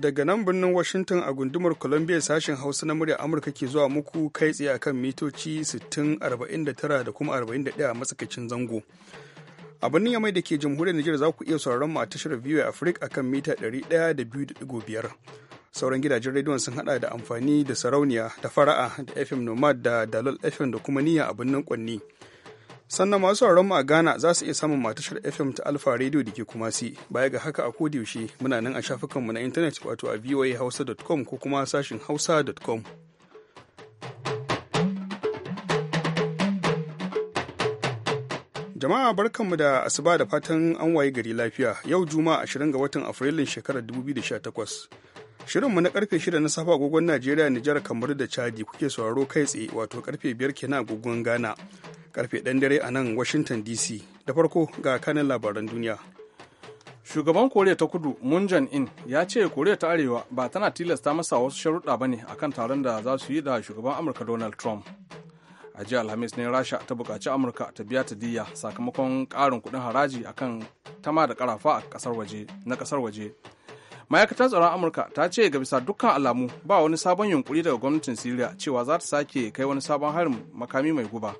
daga nan birnin Washington a gundumar Columbia sashen Hausa na murya Amurka ke zuwa muku kai tsaye akan mitoci sittin da kuma 41 a matsakaicin zango. a birnin yamai da ke jamhuriyar Nijar za ku iya sauraron mu a tashar VOA Africa akan mita 102.5 sauran gidajen rediyon sun hada da amfani da sarauniya da fara'a da FM Nomad da Dalol FM da kuma niyya a birnin Kwanni. sannan masu sauran mu a Ghana za su iya samun matashar FM ta Alfa Radio da ke kuma si baya ga haka a kodiyaushe muna nan a shafukanmu na intanet wato a voahausa.com ko kuma sashin hausa.com. Jama'a barkanmu da asuba da fatan an waye gari lafiya yau juma'a 20 ga watan Afrilun shekarar 2018. Shirinmu na karfe 6 na safa agogon Najeriya, Nijar, kamar da Chadi kuke sauraro kai tsaye wato karfe 5 kenan agogon Ghana. karfe ɗan dare a nan washington dc da farko ga kanin labaran duniya shugaban koriya ta kudu moon in ya ce koriya ta arewa ba tana tilasta masa wasu sharuɗa ba ne a kan taron da za su yi da shugaban amurka donald trump a jiya alhamis ne rasha ta buƙaci amurka ta biya ta diya sakamakon ƙarin kuɗin haraji kan tama da ƙarafa a ƙasar waje na ƙasar waje ma'aikatar tsaron amurka ta ce ga bisa dukkan alamu ba wani sabon yunkuri daga gwamnatin syria cewa za ta sake kai wani sabon harin makami mai guba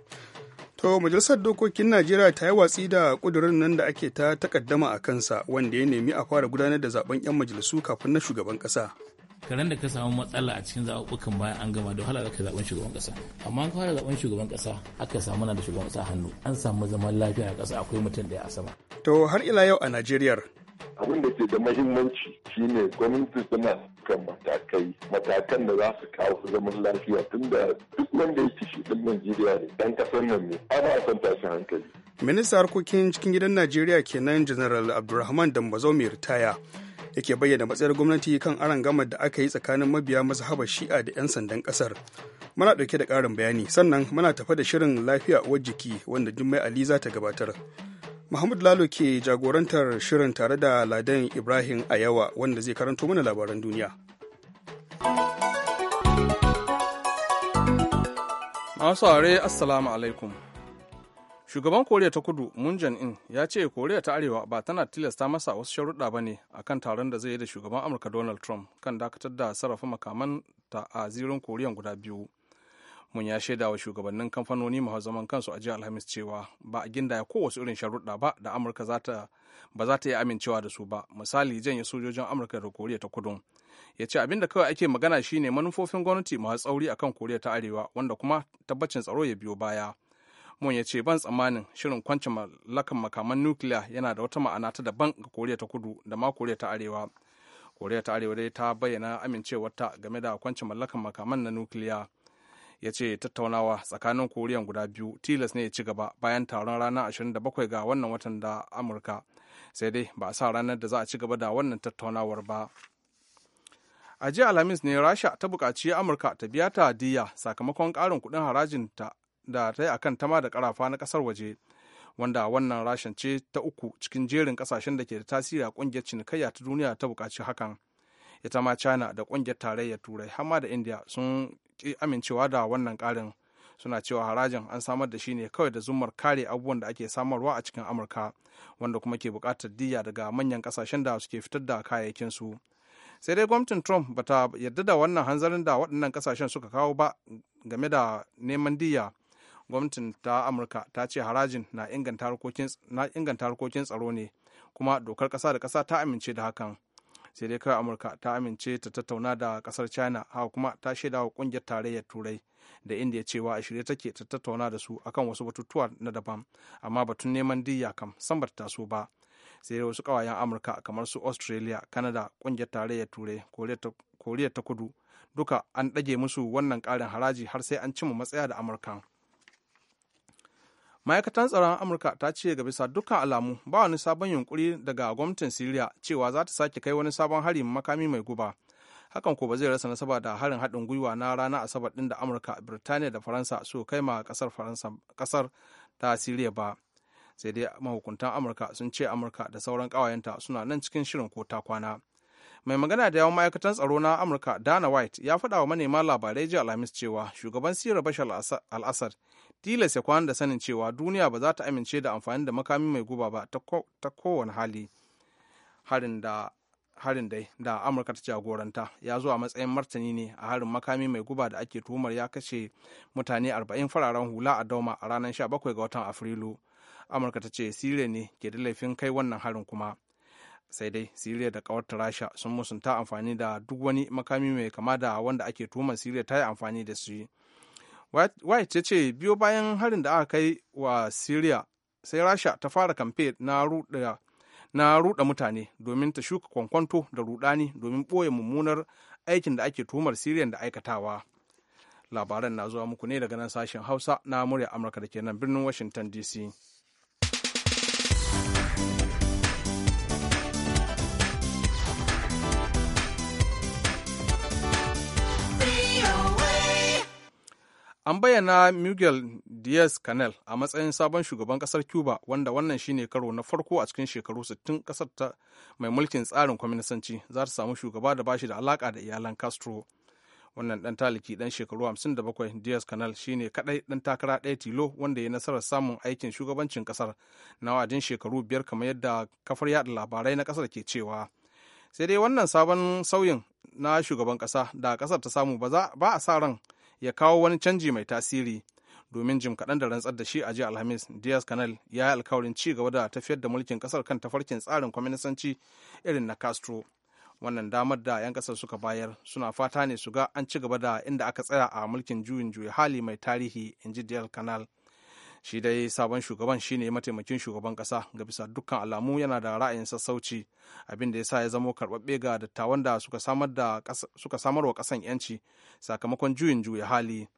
To majalisar dokokin Najeriya ta yi watsi da kudurin nan da ake ta takaddama a kansa wanda ya nemi a fara gudanar da zaben 'yan majalisu kafin na shugaban kasa. Karen da ka samu matsala a cikin zaɓuɓɓukan bayan an gama da wahala ka zaɓen shugaban ƙasa Amma an fara zaɓen shugaban ƙasa aka samu na da shugaban ƙasa hannu an samu zaman lafiya a ƙasa akwai mutum ɗaya a sama. To har ila yau a Najeriya abin da ke da mahimmanci shine gwamnati tana kan matakai matakan da za su kawo zaman lafiya tunda duk wanda ya shi din najeriya ne dan kasar nan ne ana son tashi hankali minista harkokin cikin gidan najeriya kenan general abdulrahman dambazo mai ritaya yake bayyana matsayar gwamnati kan arangamar da aka yi tsakanin mabiya mazhabar shi'a da 'yan sandan kasar muna ɗauke da ƙarin bayani sannan muna tafa da shirin lafiya uwar jiki wanda jummai ali za ta gabatar Mahmud Lalo ke jagorantar shirin tare da Ladan Ibrahim Ayawa wanda zai karanto mana labaran duniya. Masu are Assalamu alaikum. Shugaban Koriya ta Kudu Moon Jae-in ya ce Koriya ta Arewa ba tana tilasta masa wasu sharuɗa ba ne a kan taron da zai yi da shugaban Amurka Donald Trump kan dakatar da sarrafa makaman ta a zirin Koriyan guda biyu. mun ya shaida wa shugabannin kamfanoni masu zaman kansu a jiya alhamis cewa ba a gindaya kowace irin sharuɗa ba da amurka ba za ta yi amincewa da su ba misali janye sojojin amurka da koriya ta kudu ya ce abinda kawai ake magana shine manufofin gwamnati masu tsauri akan koriya ta arewa wanda kuma tabbacin tsaro ya biyo baya mun ya ce ban tsammanin shirin kwance mallakan makaman nukiliya yana da wata ma'ana ta daban ga koriya ta kudu da ma koriya ta arewa koriya ta arewa dai ta bayyana amincewarta game da kwance mallakan makaman na nukiliya ya ce tattaunawa tsakanin koriyan guda biyu tilas ne ya ci gaba bayan taron ranar 27 ga wannan watan da amurka sai dai ba a sa ranar da za a ci gaba da wannan tattaunawar ba a jiya alhamis ne rasha ta buƙaci amurka ta biya ta diya sakamakon ƙarin kuɗin harajin ta da ta yi akan tama da karafa na kasar waje wanda wannan rashin ce ta uku cikin jerin ƙasashen da ke da tasiri a ƙungiyar cinikayya ta duniya ta bukaci hakan ita ma china da ƙungiyar tarayyar turai hama da india sun amincewa da wannan karin suna cewa harajin an samar da shi ne kawai da zumar kare abubuwan da ake samarwa a cikin amurka wanda kuma ke bukatar diya daga manyan kasashen da suke fitar da kayayyakinsu sai dai gwamnatin trump bata yarda da wannan hanzarin da waɗannan kasashen suka kawo ba game da neman diya gwamnatin ta amurka ta ce harajin na inganta harkokin tsaro ne kuma dokar ƙasa da ƙasa ta amince da hakan sai dai kawai amurka ta amince ta tattauna da kasar china haka kuma ta shaida wa kungiyar tarayyar turai da indiya cewa a shirye take ta tattauna da su akan wasu batutuwa na daban amma batun neman diyya kam san ta taso ba sai dai wasu kawayen amurka kamar su australia canada kungiyar tarayyar turai koriya ta kudu duka an ɗage musu wannan ƙarin haraji har sai an cimma matsaya da amurka ma'aikatan tsaron amurka ta ce ga bisa dukkan alamu ba wani sabon yunkuri daga gwamnatin siriya cewa za ta sake kai wani sabon harin makami mai guba hakan ko ba zai rasa nasaba da harin haɗin gwiwa na ranar asabar ɗin da amurka birtaniya da faransa su kai ma ƙasar faransa ƙasar ta siriya ba sai dai mahukuntan amurka sun ce amurka da sauran ƙawayenta suna nan cikin shirin ko ta kwana mai magana da yawan ma'aikatan tsaro na amurka dana white ya faɗa wa manema labarai jiya alhamis cewa shugaban siyar bashar al tilas ya kwana da sanin cewa duniya ba za ta amince da amfani da makami mai guba ba ta kowane hali harin da harin dai da amurka ta jagoranta ya zo a matsayin martani ne a harin makami mai guba da ake tuhumar ya kashe mutane 40 fararen hula a dauma a ranar 17 ga watan afrilu amurka ta ce siriya ne ke da laifin kai wannan harin kuma sai dai siriya da kawarta rasha sun musunta amfani da duk wani makami mai kama da wanda ake tuhumar siriya ta yi amfani da su white ya ce biyo bayan harin da aka kai wa syria sai rasha ta fara kamfe na ruɗa na ruɗa mutane domin ta shuka kwankwanto da rudani domin ɓoye mummunar aikin da ake tuhumar siriyan da aikatawa labaran na zuwa muku ne daga nan sashen hausa na murya amurka da ke nan birnin washington dc An bayyana Miguel Diaz-Canel a matsayin sabon shugaban kasar Cuba wanda wannan shine karo na farko a cikin shekaru 60 kasar ta mai mulkin tsarin kwaminisanci za ta samu shugaba da bashi da alaka da iyalan Castro. Wannan dan taliki dan shekaru 57 Diaz-Canel shine kadai dan takara daya tilo wanda ya nasarar samun aikin shugabancin kasar na wajen shekaru biyar kamar yadda kafar yada labarai na kasar ke cewa. Sai dai wannan sabon sauyin na shugaban kasa da kasar ta samu ba a sa ran ya kawo wani canji mai tasiri domin jim kaɗan da rantsar da shi a jiya alhamis diaz canal ya yi alkawarin ci gaba da tafiyar da mulkin ƙasar kan tafarkin tsarin kwaminisanci irin na castro wannan damar da 'yan ƙasar suka bayar suna fata ne su ga an ci gaba da inda aka tsaya a mulkin juyin juya hali mai tarihi in ji diaz canal shi dai sabon shugaban shine mataimakin shugaban kasa ga bisa dukkan alamu yana da ra'ayin sassauci abin da ya sa ya zamo karɓaɓɓe ga dattawan da suka samar wa ƙasan yanci sakamakon juyin juya hali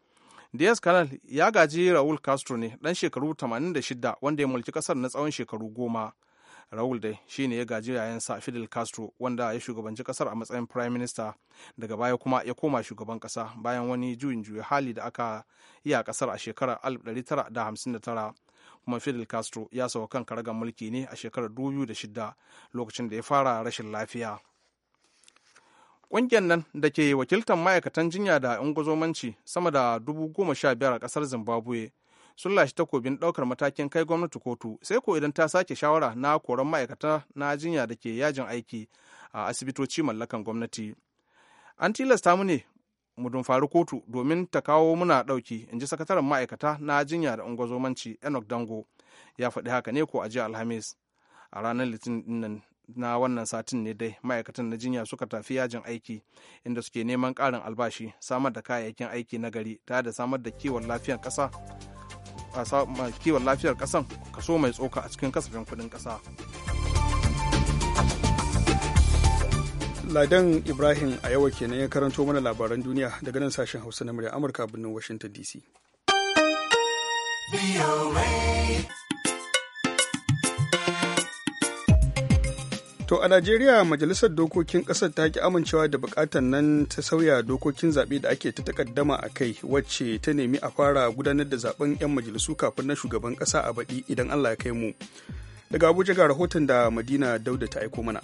diaz canal ya gaji raul castro ne ɗan shekaru 86 wanda ya mulki ƙasar na tsawon shekaru goma Raul dai shi ne ya gaji yayansa Fidel Castro wanda ya shugabanci kasar a matsayin Prime Minister daga baya kuma ya koma shugaban kasa bayan wani juyin juya hali da aka yi a kasar a shekarar 1959 kuma Fidel Castro ya sauka kan karagar mulki ne a shekarar 2006 lokacin da ya fara rashin lafiya. Ƙungiyar nan da ke wakiltar ma'aikatan jinya da ungozomanci sama da dubu goma sha biyar a ƙasar Zimbabwe sun lashe takobin daukar matakin kai gwamnati kotu sai ko idan ta sake shawara na koran ma'aikata na jinya da ke yajin aiki a asibitoci mallakan gwamnati an tilasta mu ne mu dumfari kotu domin ta kawo muna dauki in ji sakataren ma'aikata na jinya da ungozomanci enoch dango ya faɗi haka ne ko a jiya alhamis a ranar litinin na wannan satin ne dai ma'aikatan na jinya suka tafi yajin aiki inda suke neman ƙarin albashi samar da kayayyakin aiki na gari tare da samar da kiwon lafiyar ƙasa kiwon lafiyar kasan kaso mai tsoka a cikin kasafin kudin kasa ladan ibrahim a yawa kenan ya karanto mana labaran duniya daga nan sashen hausa na murya amurka birnin washington dc To a Najeriya majalisar dokokin ƙasar ta ki amincewa da bukatar nan ta sauya dokokin zaɓe da ake ta takaddama a kai wacce ta nemi a fara gudanar da zaben 'yan majalisu kafin na shugaban ƙasa a baɗi idan Allah ya kai mu. Daga Abuja ga rahoton da Madina Dauda ta aiko mana.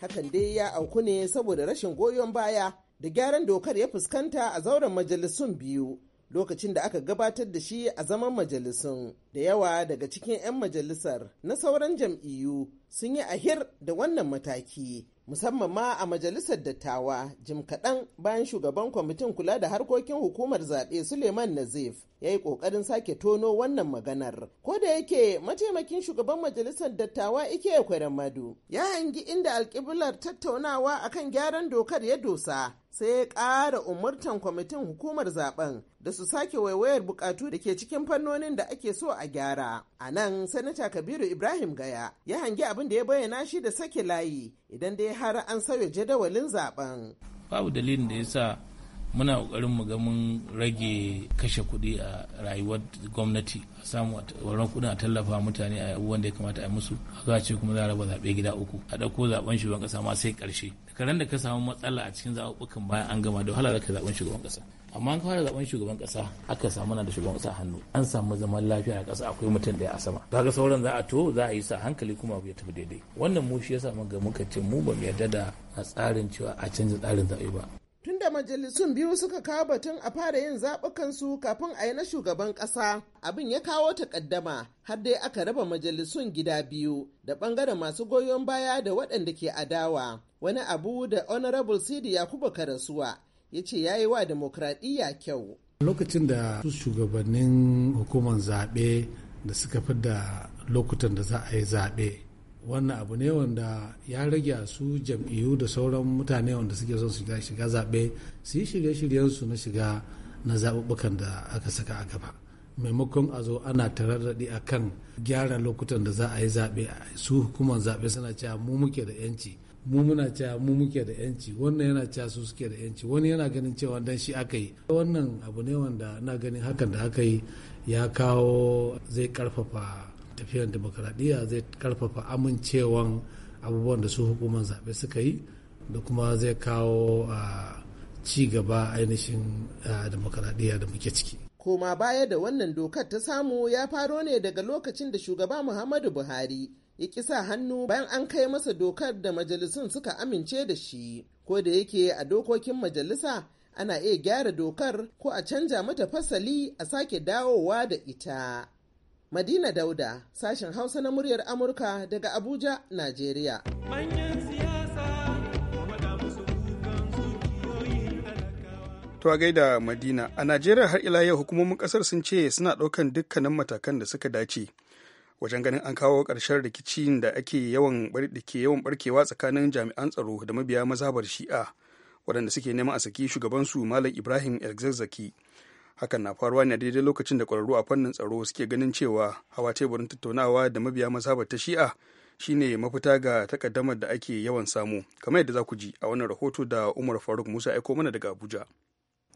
Hakan dai ya auku ne saboda rashin goyon baya da gyaran dokar ya fuskanta a zauren majalisun biyu. lokacin da aka gabatar da shi a zaman majalisun da yawa daga cikin 'yan majalisar na sauran jam'iyyu sun yi ahir da wannan mataki musamman ma a majalisar dattawa jim kaɗan bayan shugaban kwamitin kula da harkokin hukumar zaɓe suleiman nazif ya yi ƙoƙarin sake tono wannan maganar ko da yake mataimakin shugaban majalisar dattawa ike kwaren madu ya hangi inda alƙiblar tattaunawa akan gyaran dokar ya dosa sai ya ƙara umurtan kwamitin hukumar zaben da su sake waiwayar buƙatu da ke cikin fannonin da ake so a gyara. A nan, Sanata Kabiru Ibrahim Gaya ya hangi abin da ya bayyana shi da sake layi idan da har an sauya jadawalin zaben. Babu dalilin da ya sa muna kokarin mu ga mun rage kashe kuɗi a rayuwar gwamnati a samu wannan kuɗin a tallafa mutane a abubuwan da ya kamata a musu a ce kuma za a raba zaɓe gida uku a ɗauko zaɓen shugaban ƙasa ma sai ƙarshe da karen da ka samu matsala a cikin zaɓuɓɓukan bayan an gama da wahala za ka zaɓen shugaban ƙasa amma an fara zaben shugaban kasa aka samu na da shugaban kasa hannu an samu zaman lafiya a kasa akwai mutum daya a sama kaga sauran za a to za a yi sa hankali kuma abu ya tafi daidai wannan mu shi yasa ga muka ce mu ba mu yarda da tsarin cewa a canza tsarin zaɓe ba tunda majalisun biyu suka kawo batun a fara yin zaɓukansu kafin a yi na shugaban ƙasa abin ya kawo takaddama har dai aka raba majalisun gida biyu da ɓangaren masu goyon baya da waɗanda ke adawa wani abu da honorable sidi yakubu karasuwa ya ce ya yi wa demokradiyya kyau. Lokacin da shugabannin hukumar zaɓe da suka fi da lokutan da za a yi zaɓe wannan abu ne wanda ya rage su jam'iyyu da sauran mutane wanda suke son shiga shiga zaɓe su yi shirye su na shiga na zaɓuɓɓukan da aka saka a gaba maimakon a zo ana tararraɗi a kan gyara lokutan da za a yi zaɓe su hukumar zaɓe suna cewa mu muke da 'yanci mu muna cewa mu muke da yanci wannan yana cewa su suke da yanci wani yana ganin cewa dan shi aka yi wannan abu ne wanda na ganin hakan da aka yi ya kawo zai karfafa tafiyar demokradiyya zai karfafa amincewan abubuwan da su hukumar zaɓe suka yi da kuma zai kawo a ci gaba ainihin demokradiyya da muke ciki koma baya da wannan dokar ta samu ya faro ne daga lokacin da shugaba muhammadu buhari ya ƙi sa hannu bayan an kai masa dokar da majalisun suka amince da shi ko da yake a dokokin majalisa ana iya gyara dokar ko a canja mata fasali a sake dawowa da ita madina dauda sashen hausa na muryar amurka daga abuja najeriya To a gaida Madina, a Najeriya har ila yau hukumomin kasar sun ce suna ɗaukan dukkanin matakan da suka dace wajen ganin an kawo ƙarshen rikicin da ake yawan yawan barkewa tsakanin jami'an tsaro da mabiya mazhabar shi'a waɗanda suke neman a saki shugabansu malam ibrahim elzazzaki hakan na faruwa ne daidai lokacin da ƙwararru a fannin tsaro suke ganin cewa hawa teburin tattaunawa da mabiya mazhabar ta shi'a shine mafita ga takaddamar da ake yawan samu kamar yadda za ku ji a wannan rahoto da umar faruk musa aiko mana daga abuja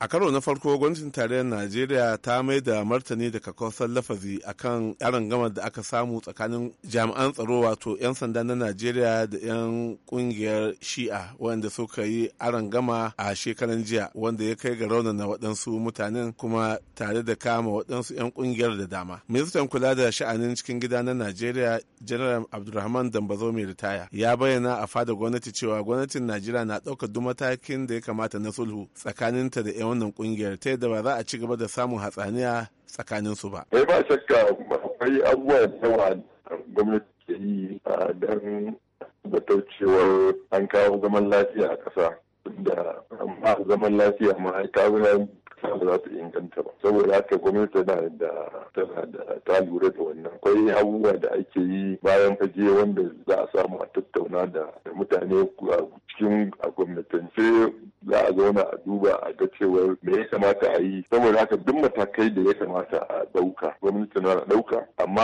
a karo na farko gwamnatin tarayyar najeriya ta mai da martani da kakkausar lafazi akan yaran gama da aka samu tsakanin jami'an tsaro wato 'yan sanda na najeriya da 'yan kungiyar shi'a wanda suka yi aran gama a shekaran jiya wanda ya kai ga raunana waɗansu mutanen kuma tare da kama waɗansu 'yan kungiyar da dama ministan kula da sha'anin cikin gida na najeriya general abdulrahman dambazo mai ritaya ya bayyana a fadar gwamnati cewa gwamnatin najeriya na ɗaukar duk matakin da ya kamata na sulhu tsakaninta da 'yan wannan kungiyar ta yadda ba za a ci gaba da samun hatsaniya tsakanin su ba. Ai eh, ba shakka akwai abubuwa da yawa gwamnati ke yi don batau cewar an kawo zaman lafiya a ƙasa. da ba zaman lafiya ma kasa za ta inganta ba saboda haka gwamnati na da tana da ta lura da wannan akwai abubuwa da ake yi bayan fage wanda za a samu a tattauna da mutane cikin a gwamnatance za a zauna a duba a ga cewa me ya kamata a yi saboda haka duk matakai da ya kamata a dauka gwamnati na dauka amma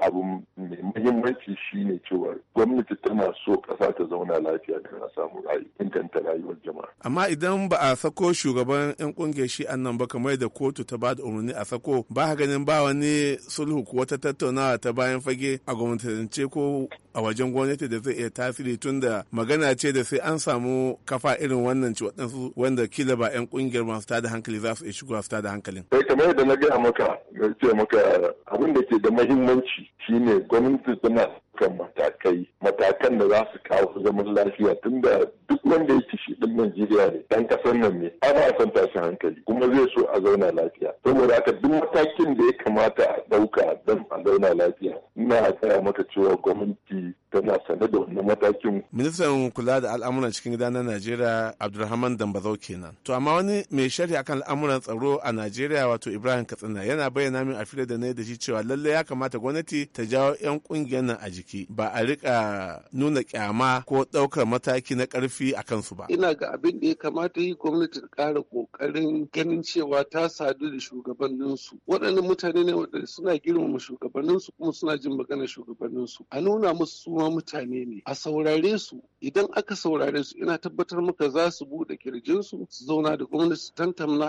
abu mai muhimmanci shine cewa gwamnati tana so kasa ta zauna lafiya da na samu inganta rayuwar jama'a amma idan ba a sako shugaban 'yan ƙungiyar shi annan ba kamar da kotu ta ba da umarni a sako ba ganin ba wani sulhu ko wata tattaunawa ta bayan fage a gwamnatance ko a wajen gwamnati da zai iya tasiri tun da magana ce da sai an samu kafa irin wannan ci waɗansu wanda kila ba 'yan ƙungiyar masu tada hankali za su iya shigo su tada hankalin. Sai eh, kamar yadda na gaya maka, na ce maka abin da ke da mahimmanci shine gwamnati tana dukkan matakai matakan da za su kawo zaman lafiya tunda duk wanda ya shi din Najeriya ne dan kasar nan ne ana son tashin hankali kuma zai so a zauna lafiya saboda haka duk matakin da ya kamata a dauka don a zauna lafiya ina gaya maka cewa gwamnati tana sane da wannan matakin. Ministan kula da al'amuran cikin gida na Najeriya Abdulrahman Dambazau kenan. To amma wani mai shari'a akan al'amuran tsaro a Najeriya wato Ibrahim Katsina yana bayyana min a fira da na da shi cewa lallai ya kamata gwamnati ta jawo 'yan kungiyar nan a jiki ba a rika nuna kyama ko ɗaukar mataki na ƙarfi a kansu ba. Ina ga abin da ya kamata yi gwamnati ta ƙara ƙoƙarin ganin cewa ta sadu da shugabanninsu. Waɗannan mutane ne waɗanda suna girmama shugabanninsu kuma suna jin maganar shugabanninsu. A nuna musu kuma mutane ne a saurare su idan aka saurare su ina tabbatar maka za su buɗe kirjinsu su zauna da gwamnati su tantamna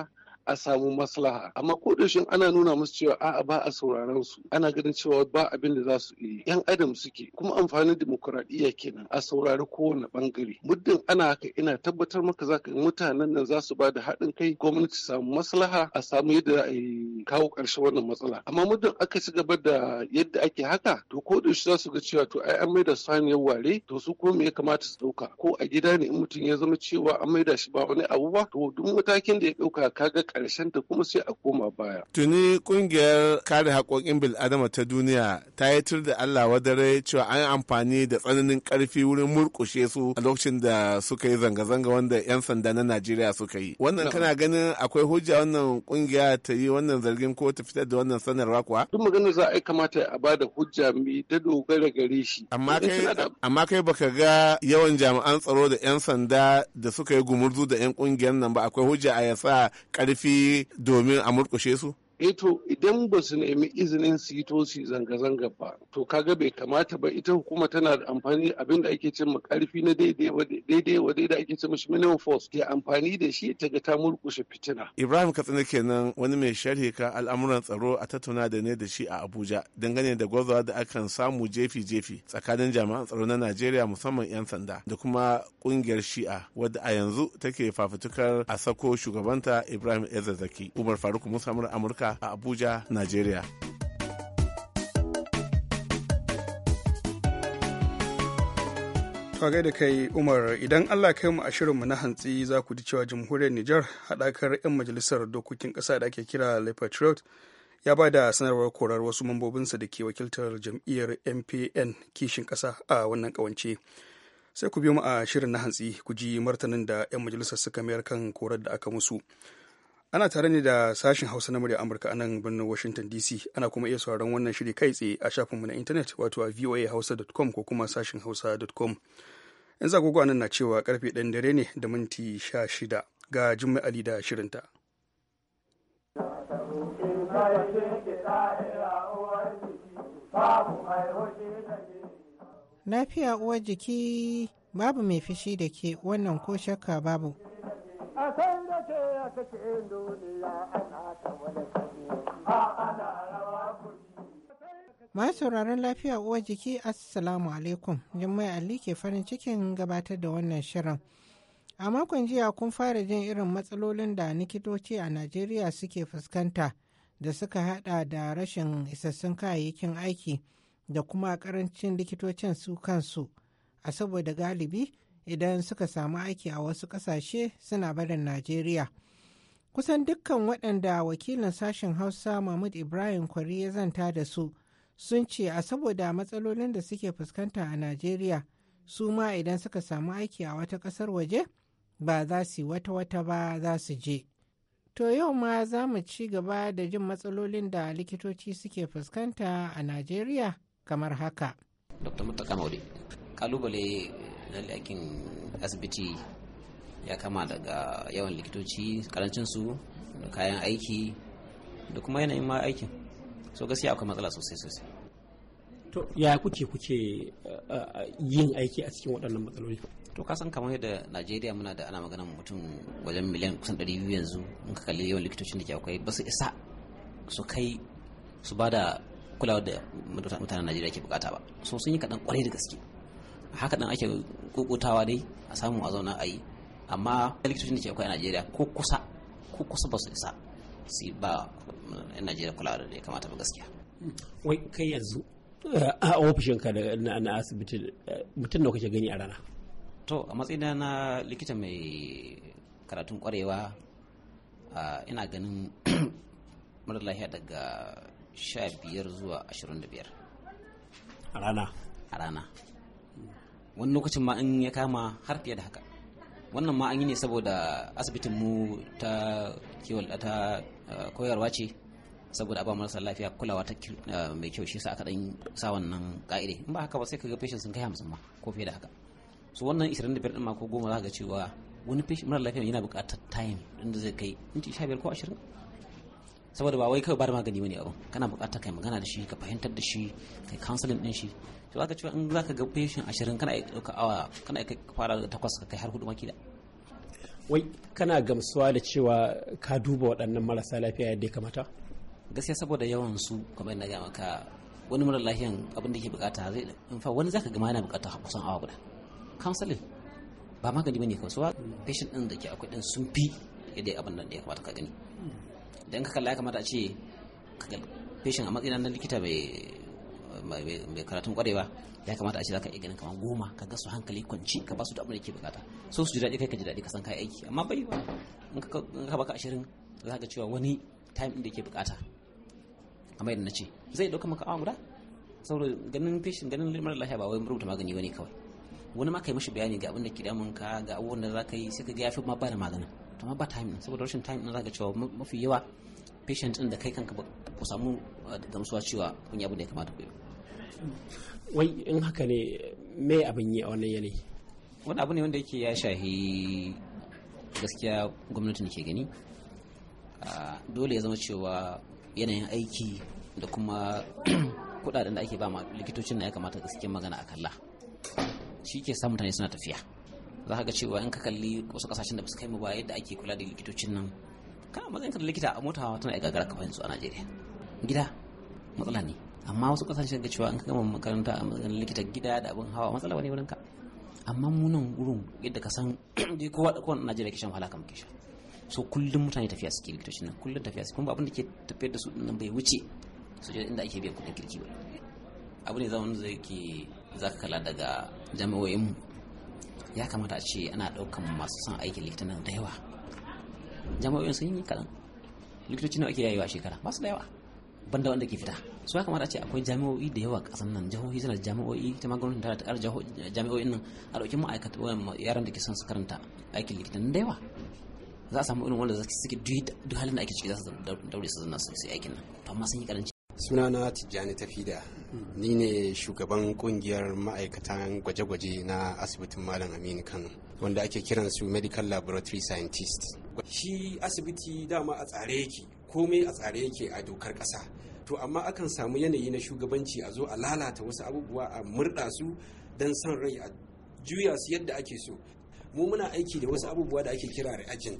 a samu maslaha amma ko da ana nuna musu cewa a'a ba a sauraron su ana ganin cewa ba abin da za su yi yan adam suke kuma amfanin demokuraɗiyya kenan a saurari kowane bangare muddin ana haka ina tabbatar maka zaka mutanen nan za su ba da haɗin kai gwamnati samu maslaha a samu yadda za a yi kawo ƙarshen wannan matsala amma muddin aka ci gaba da yadda ake haka to ko da za su ga cewa to ai an maida saniyar ware to su ko me ya kamata su ɗauka ko a gida ne in mutum ya zama cewa an maida shi ba wani abu ba to duk matakin da ya ɗauka kaga karshen ta kuma sai a koma baya. Tuni kungiyar kare haƙoƙin bil'adama ta duniya ta yi tur da Allah wadare cewa an amfani da tsananin ƙarfi wurin murƙushe su a lokacin da suka yi zanga-zanga wanda 'yan sanda na Najeriya suka yi. Wannan kana ganin akwai hujja wannan kungiya ta yi wannan zargin ko ta fitar da wannan sanarwa kuwa? Duk magana za a yi kamata a bada hujja mai ta dogara gare shi. Amma kai baka ga yawan jami'an tsaro da 'yan sanda da suka yi gumurzu da 'yan kungiyar nan ba akwai hujja a yasa ƙarfi fi domin a murƙushe su? Eto, eh idan ba su nemi izinin su yi tosi zanga-zanga ba to kaga bai kamata ba ita hukuma tana da amfani abinda ake cin na daidai wa daidai ake cin mashi minimum force ke amfani da shi ta ga ta murkushe fitina ibrahim katsina kenan wani mai sharhi ka al'amuran tsaro a tattauna da ne da shi a abuja dangane da gwazawa da akan samu jefi-jefi tsakanin jami'an tsaro na najeriya musamman 'yan sanda da kuma kungiyar shi'a wadda a yanzu take fafutukar a sako shugabanta ibrahim ezazaki umar faruk musamman amurka a Abuja, Najeriya. kwagai da kai umar idan allah kai mu a shirinmu na hantsi za ku ji cewa jamhuriyar Nijar haɗakar 'yan majalisar dokokin ƙasa da ake kira le patriot ya ba da sanarwar korar wasu mambobinsa da ke wakiltar jam'iyyar mpn kishin ƙasa a wannan ƙawance sai ku bi mu a shirin na hantsi ku ji martanin da 'yan majalisar suka mayar kan korar da aka musu ana tare ne da sashen hausa na murya amurka a nan birnin washington dc ana kuma iya sauraron wannan shiri kai tsaye a shafinmu na intanet wato a voahausa.com ko kuma sashen hausa.com yanzu agogo nan na cewa karfe ɗan dare ne da minti sha shida ga juma'a ali da shirinta lafiya uwar jiki babu mai fishi da ke wannan ko shakka babu masu sauraron lafiya uwa jiki Assalamu alaikum, Jummai Ali ke farin cikin gabatar da wannan shirin. A makon jiya kun fara jin irin matsalolin da likitoci a Najeriya suke fuskanta da suka hada da rashin isassun kayayyakin aiki da kuma karancin likitocin su kansu, a saboda galibi idan suka samu aiki a wasu kasashe suna barin Najeriya. Kusan dukkan waɗanda wakilin sashen Hausa Mahmud Ibrahim Kwari ya zanta da su sun ce a saboda matsalolin da suke fuskanta a Najeriya su ma idan suka samu aiki a wata ƙasar waje ba za su wata-wata ba za su je. To yau ma za mu ci gaba da jin matsalolin da likitoci suke fuskanta a Najeriya kamar haka. Dr. Mutaka kalubale aikin asibiti ya kama daga yawan likitoci karancin su da kayan aiki da kuma yanayin ma aikin so gaskiya akwai matsala sosai sosai to ya kuke kuke yin aiki a cikin waɗannan matsaloli to kasan kamar yadda najeriya muna da ana magana mutum wajen miliyan kusan 200 yanzu in ka kalli yawan likitocin da ke akwai ba su isa su kai su ba da kulawar da mutanen najeriya ke bukata ba so sun yi kaɗan kwarai da gaske haka dan ake kukutawa dai a samu a zauna a yi amma likitocin da ke akwai a najeriya ko kusa ko kusa ba su isa su ba yan najeriya kula da ya kamata ba gaskiya wai kai yanzu eh, a ofishin ofishinka na asibiti eh, mutum da kake gani a rana to a matsayin na likita mai karatun kwarewa ina ganin marar lahiya daga sha biyar zuwa ashirin da biyar a rana a rana wani lokacin ma in ya kama har fiye da haka wannan ma an yi ne saboda asibitin mu ta kiwon ta eh, koyarwa ce saboda a ba marasa lafiya kulawa ta eh, mai kyau shi sa aka dan sa wannan ka'ide in ba haka ba sai ka ga patient sun kai hamsin ma ko fiye da haka so wannan 25 din ma ko goma za ka ga cewa wani patient mara lafiya yana buƙatar time inda zai kai inci 15 ko 20 saboda ba wai kawai ba da magani bane abu kana buƙatar kai magana da shi ka fahimtar da shi kai counseling din shi to zaka cewa in zaka ga patient 20 kana iya ɗauka awa kana iya fara da takwas ka kai har hudu maki da wai kana gamsuwa da cewa ka duba waɗannan marasa lafiya yadda ya kamata gaskiya saboda yawan su kamar na ga ka wani mara lafiyan abin da ke bukata zai in fa wani zaka gama yana bukata kusan awa guda counseling ba magani bane kawai so patient din da ke akwai din sun fi yadda abin nan da ya kamata ka gani idan ka kalla ya kamata a ce patient a matsayin na likita mai karatun kware ba ya kamata a ce zaka iya ganin kamar goma ka ga su hankali kwanci ka ba su da abin da ke bukata so su ji daɗi kai ka ji daɗi ka san kai aiki amma bai ba in ka baka ashirin za ka cewa wani time din da ke bukata kamar yadda na ce zai ɗauka maka awa guda saboda ganin patient ganin mara lafiya ba wai rubuta magani wani kawai wani ma kai mashi bayani ga abin da ke damun ka ga abubuwan da za ka yi sai ka ga ya fi ma ba da maganin ma ba time saboda rashin time din zaka cewa mafi yawa patient din da kai kanka ba ku samu ah, gamsuwa cewa kun yi abin da ya kamata ku yi wai in haka ne me abin yi a wannan yanayi wani abu ne wanda yake ya shahi gaskiya gwamnatin ke gani ah, dole ya zama cewa yanayin aiki da kuma kudaden da ake ba ma likitocin na ya kamata gaskiya magana a kalla shi ke sa mutane suna tafiya za ka ga cewa in ka kalli wasu kasashen da ba su kai mu ba yadda ake kula da likitocin nan kana matsayin da likita a mota tana aika gara kafin su a Najeriya gida matsala ne amma wasu kasashen ga cewa in ka gama makaranta a matsayin likita gida da abin hawa matsala wani wurin ka amma mu nan gurin yadda ka san dai kowa da kowa Najeriya ke shan wahala kamar ke sha so kullum mutane tafiya suke likitocin nan kullum tafiya suke kuma abin da ke tafiyar da su nan bai wuce su je inda ake biyan kuɗin kirki ba abu ne zaman zai ke zaka kala daga jami'o'in mu ya kamata a ce ana daukan masu son aikin likitanin da yawa jami'o'in sun yi kaɗan likitoci nawa ake yayewa shekara ba su da yawa banda wanda ke fita su ya kamata a ce akwai jami'o'i da yawa kasan nan jihohi suna jami'o'i ta magana tana ta kar jami'o'in nan a ɗauki ma'aikata yaran da ke son su karanta aikin likita da yawa za a samu irin wanda suke duk halin da ake ciki za su daure su zanna su aikin nan to amma sun yi sunana tijjani tafida ni ne shugaban kungiyar ma'aikatan gwaje-gwaje na asibitin malam aminu kano wanda ake kiran su medical laboratory scientist shi asibiti dama a tsare yake komai a tsare yake a dokar ƙasa to amma akan samu yanayi na shugabanci a zo a lalata wasu abubuwa a murɗa su don son rai a juya su yadda ake so mu muna aiki da wasu abubuwa da ake kira reagent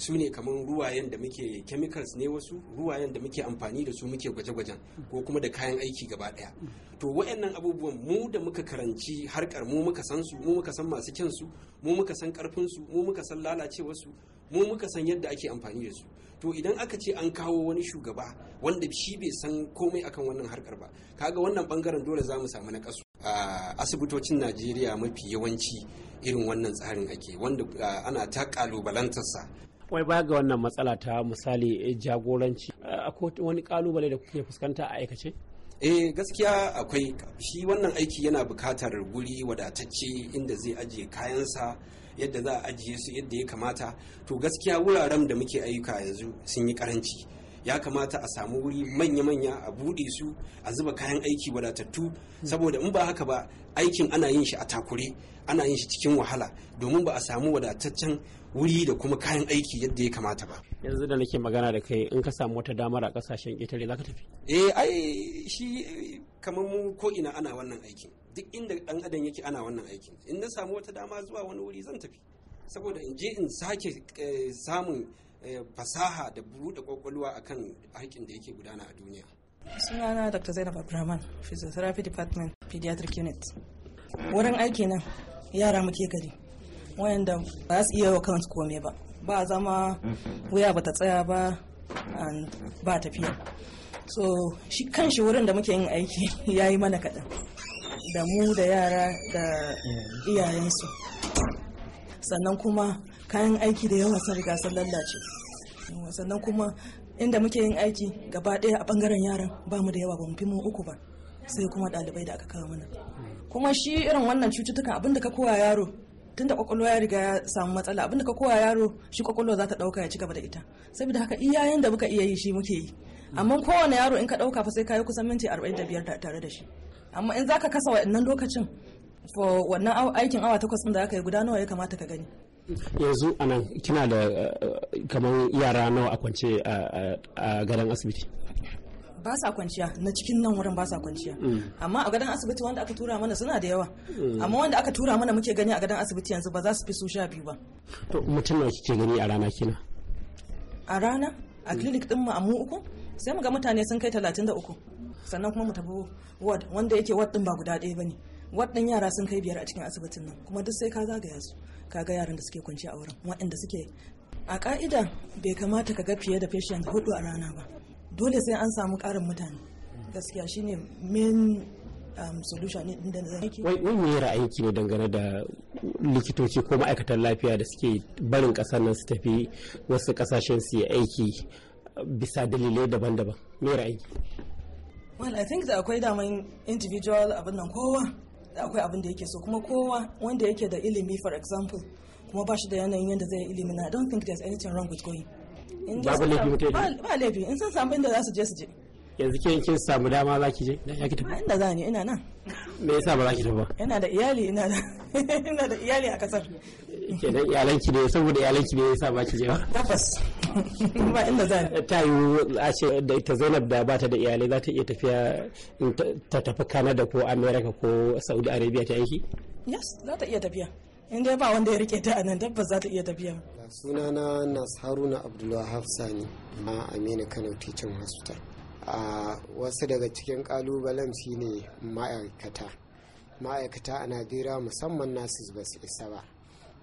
su ne kamar ruwayen da muke chemicals ne wasu ruwayen da muke amfani da su muke gwaje-gwajen ko kuma da kayan aiki gaba daya to wayannan abubuwan mu da muka karanci harkar mu muka san su mu muka san masu kyan su mu muka san karfin su mu muka san lalacewar su mu muka san yadda ake amfani da su to idan aka ce an kawo wani shugaba wanda shi bai san komai akan wannan harkar ba kaga wannan bangaren dole za mu samu na a asibitocin najeriya mafi yawanci irin wannan tsarin ake wanda ana ta kalubalantarsa wai baya ga wannan matsala ta misali eh, jagoranci eh, akwai wani kalubale da kuke fuskanta a aikace eh gaskiya akwai shi wannan aiki yana bukatar guri wadatacce inda zai ajiye kayansa yadda za a ajiye su yadda ya kamata to gaskiya wuraren da muke ayyuka yanzu sun yi karanci ya kamata a samu wuri manya-manya a bude su a zuba kayan aiki wadatattu saboda in ba haka ba aikin ana yin shi a takure ana yin shi cikin wahala domin ba a samu wadataccen wuri da kuma kayan aiki yadda ya kamata ba yanzu da nake magana da kai in ka samu wata damar a kasashen itali za ka tafi eh ai shi kamar mu ko ina ana wannan aikin duk inda dan adam yake ana wannan aikin in na samu wata dama zuwa wani wuri zan tafi saboda in je in sake eh, samun Eh, fasaha da buɗe kwakwalwa akan harkin da yake gudana a duniya sunana dr zainab abraman physiotherapy department pediatric unit wurin aiki nan yara muke gari wayanda ba su iya wa kansu kome ba ba zama wuya ba ta tsaya ba ba tafiya so shi kan shi wurin da muke yin aiki ya yi mana kaɗan da mu da yara da iyayensu sannan kuma kayan aiki da yawa sun riga sun lallace sannan kuma inda muke yin aiki gaba ɗaya a bangaren yaran ba mu da yawa ba mu fi mu uku ba sai kuma ɗalibai da aka kawo mana kuma shi irin wannan cututtukan da ka koya yaro tunda kwakwalwa ya riga ya samu matsala da ka koya yaro shi kwakwalwa za ta ɗauka ya ci gaba da ita saboda haka iyayen da muka iya yi shi muke yi amma kowane yaro in ka ɗauka fa sai ka yi kusan minti 45 tare da shi amma in zaka kasa wa'annan lokacin for wannan aikin awa takwas ɗin da aka yi guda nawa ya kamata ka gani yanzu anan kina da eh, kamar yara nawa a kwance a gadon asibiti ba sa kwanciya na cikin nan wurin ba sa kwanciya mm. amma a gadon asibiti wanda aka tura mana suna da yawa mm. amma wanda aka tura mana muke gani a gadon asibiti yanzu ba za su fi su sha biyu ba to mutum nawa kike gani a rana kina a rana a mm. clinic din mu a mu uku sai mu ga mutane sun kai 33 sannan kuma mu tafi ward wanda yake ward din ba guda ɗaya bane waɗannan yara sun kai biyar a cikin asibitin nan kuma duk sai ka zagaya su ka ga yaran da suke kwanci a wurin waɗanda suke a ka'ida bai kamata ka ga fiye da patient hudu a rana ba dole sai an samu ƙarin mutane gaskiya shine main um, solution ne da zai yake wai ra'ayi ki ne dangane da likitoci ko ma'aikatan lafiya da suke barin ƙasar nan su tafi wasu ƙasashen su yi aiki bisa dalilai daban-daban me ra'ayi well i think da akwai daman individual abin nan kowa akwai abin da yake so kuma kowa wanda yake da ilimi for example kuma ba shi da yanayin yadda zai ilimi na don think there's anything wrong with going babu laifi ba laifi in san samu inda za su je su je yanzu ke kin samu dama za ki je ya ki tafi inda za ni ina nan me yasa ba za ki tafi ina da iyali ina da ina da iyali a kasar kenan iyalanki ne saboda iyalanki ne yasa ba ki je ba tabbas ba inda za ta yi a ce da ita Zainab da ba ta da iyalai za ta iya tafiya ta tafi Canada ko America ko Saudi Arabia ta aiki yes za ta iya tafiya in dai ba wanda ya rike ta a nan tabbas za ta iya tafiya sunana nas haruna abdulwahab sani na amina kano teaching hospital a wasu daga cikin kalubalen shine ma'aikata ma'aikata a najeriya musamman nasu ba su isa ba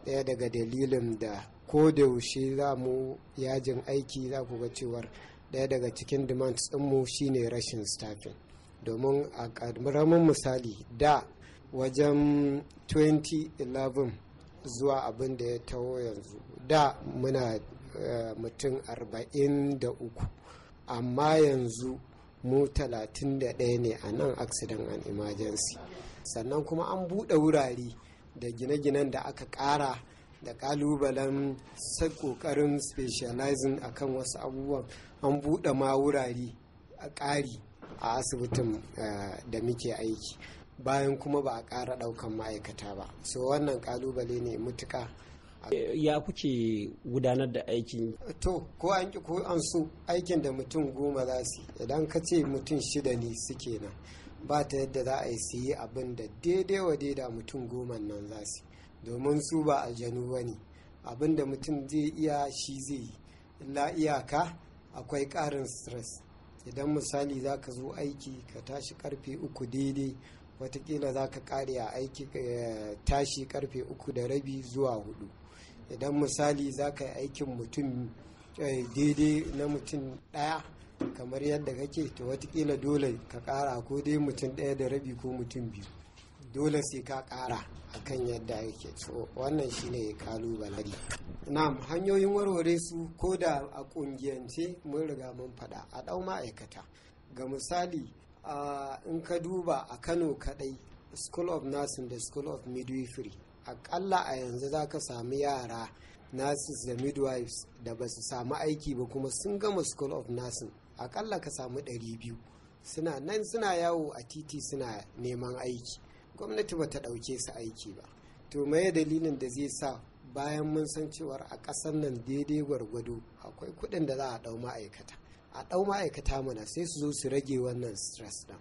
daya daga dalilin da ko da yaushe za mu yajin aiki za ku ga cewar daya daga cikin demands mu shine rashin staffing domin a ƙaramin misali da wajen 2011 zuwa abin da ya taho yanzu da muna eh, mutum 43 amma yanzu mu 31 ne a nan accident and emergency sannan kuma an buɗe wurare da gine-ginen da aka ƙara da kalubalen sai kokarin specializing akan wasu abubuwan an buɗe ma wurare a ƙari a asibitin eh, da muke aiki bayan kuma ba a ƙara ɗaukan ma'aikata ba so wannan kalubale ne mutuka ya kuke gudanar da aikin to ko an ki ko an so aikin da mutum goma za su idan ka ce mutum shida ne suke nan ba ta yadda za a yi su abin da daidai wa daida mutum goma nan za su domin su ba aljanu ba ne abinda mutum zai iya shi zai yi illa iyaka akwai ƙarin stress idan misali za ka zo aiki ka tashi karfe uku daidai watakila za ka kare a aiki eh, tashi karfe uku da rabi zuwa hudu idan misali za ka yi aikin mutum eh, daidai na mutum daya kamar yadda kake to watakila dole ka kara ko dai mutum daya da rabi ko mutum biyu dole sai ka ƙara akan yadda yake so wannan shine kalubale na'am hanyoyin warware su ko da a ƙungiyance mun riga mun faɗa a ɗau ma'aikata ga misali in ka duba a kano kaɗai school of nursing da school of midwifery aƙalla a yanzu za ka sami yara nurses da midwives da ba su samu aiki ba kuma sun gama school of nursing akalla ka samu 200 suna nan suna yawo a titi suna neman aiki gwamnati ba ta ɗauke su aiki ba to maye dalilin da zai sa bayan mun san cewar a ƙasar nan daidai gwargwado akwai kuɗin da za a ɗau ma'aikata a ɗau ma'aikata mana sai su zo su rage wannan stress ɗin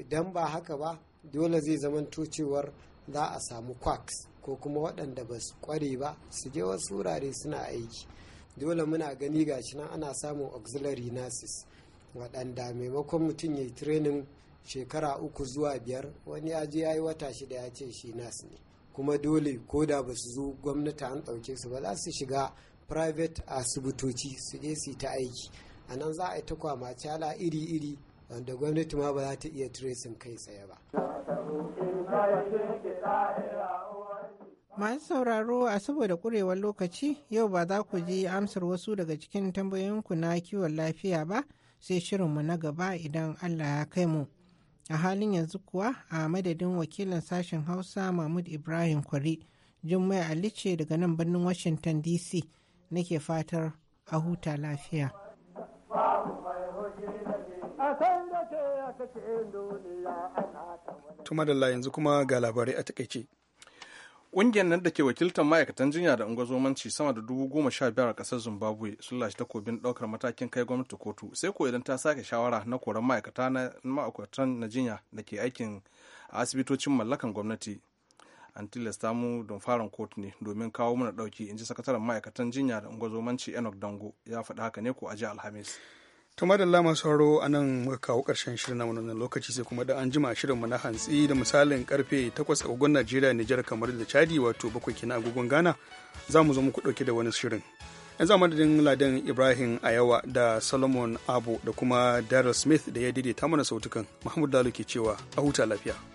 idan ba haka ba dole zai zamanto cewar za a samu quacks ko kuma waɗanda ba su ƙware ba su je wasu wurare suna aiki dole muna gani gashi nan ana samun auxiliary nurses waɗanda maimakon mutum ya yi training shekara uku zuwa biyar wani ya je ya yi wata shida ya ce shi nas ne kuma dole ko da ba su zo gwamnati an ɗauke su ba za su shiga private asibitoci su je su yi ta aiki a nan za a yi ta kwama cala iri-iri wanda gwamnati ma ba za ta iya tracing kai tsaye ba. Masu sauraro a saboda kurewar lokaci yau ba za ku je amsar wasu daga cikin tambayoyinku na kiwon lafiya ba sai shirinmu na gaba idan Allah ya kai mu. a halin yanzu kuwa a madadin wakilin sashen hausa mahmud ibrahim kwari jummai alice daga nan birnin washington dc nake fatar a huta lafiya tuma da yanzu kuma ga labarai a takaice. Ƙungiyar nan da ke wakiltar ma'aikatan jinya da ungozomanci sama da dubu goma sha biyar a ƙasar Zimbabwe sun lashe takobin ɗaukar matakin kai gwamnati kotu sai ko idan ta sake shawara na koran ma'aikata na ma'aikatan na jinya da ke aikin a asibitocin mallakan gwamnati. An tilasta mu don farin kotu ne domin kawo mana ɗauki in ji sakataren ma'aikatan jinya da ungozomanci Enoch Dango ya faɗi haka ne ko a Alhamis. to madalla masu haro a nan muka kawo ƙarshen shirin na wannan lokaci sai kuma da an jima shirinmu na hantsi da misalin karfe 8 agogon Najeriya Nijar kamar da Chadi wato bakwai kenan agogon Ghana za mu zo muku dauke da wani shirin yan zama da ladan Ibrahim Ayawa da Solomon Abu da kuma Daryl Smith da ya daidaita mana sautukan Mahmud lalu ke cewa a huta lafiya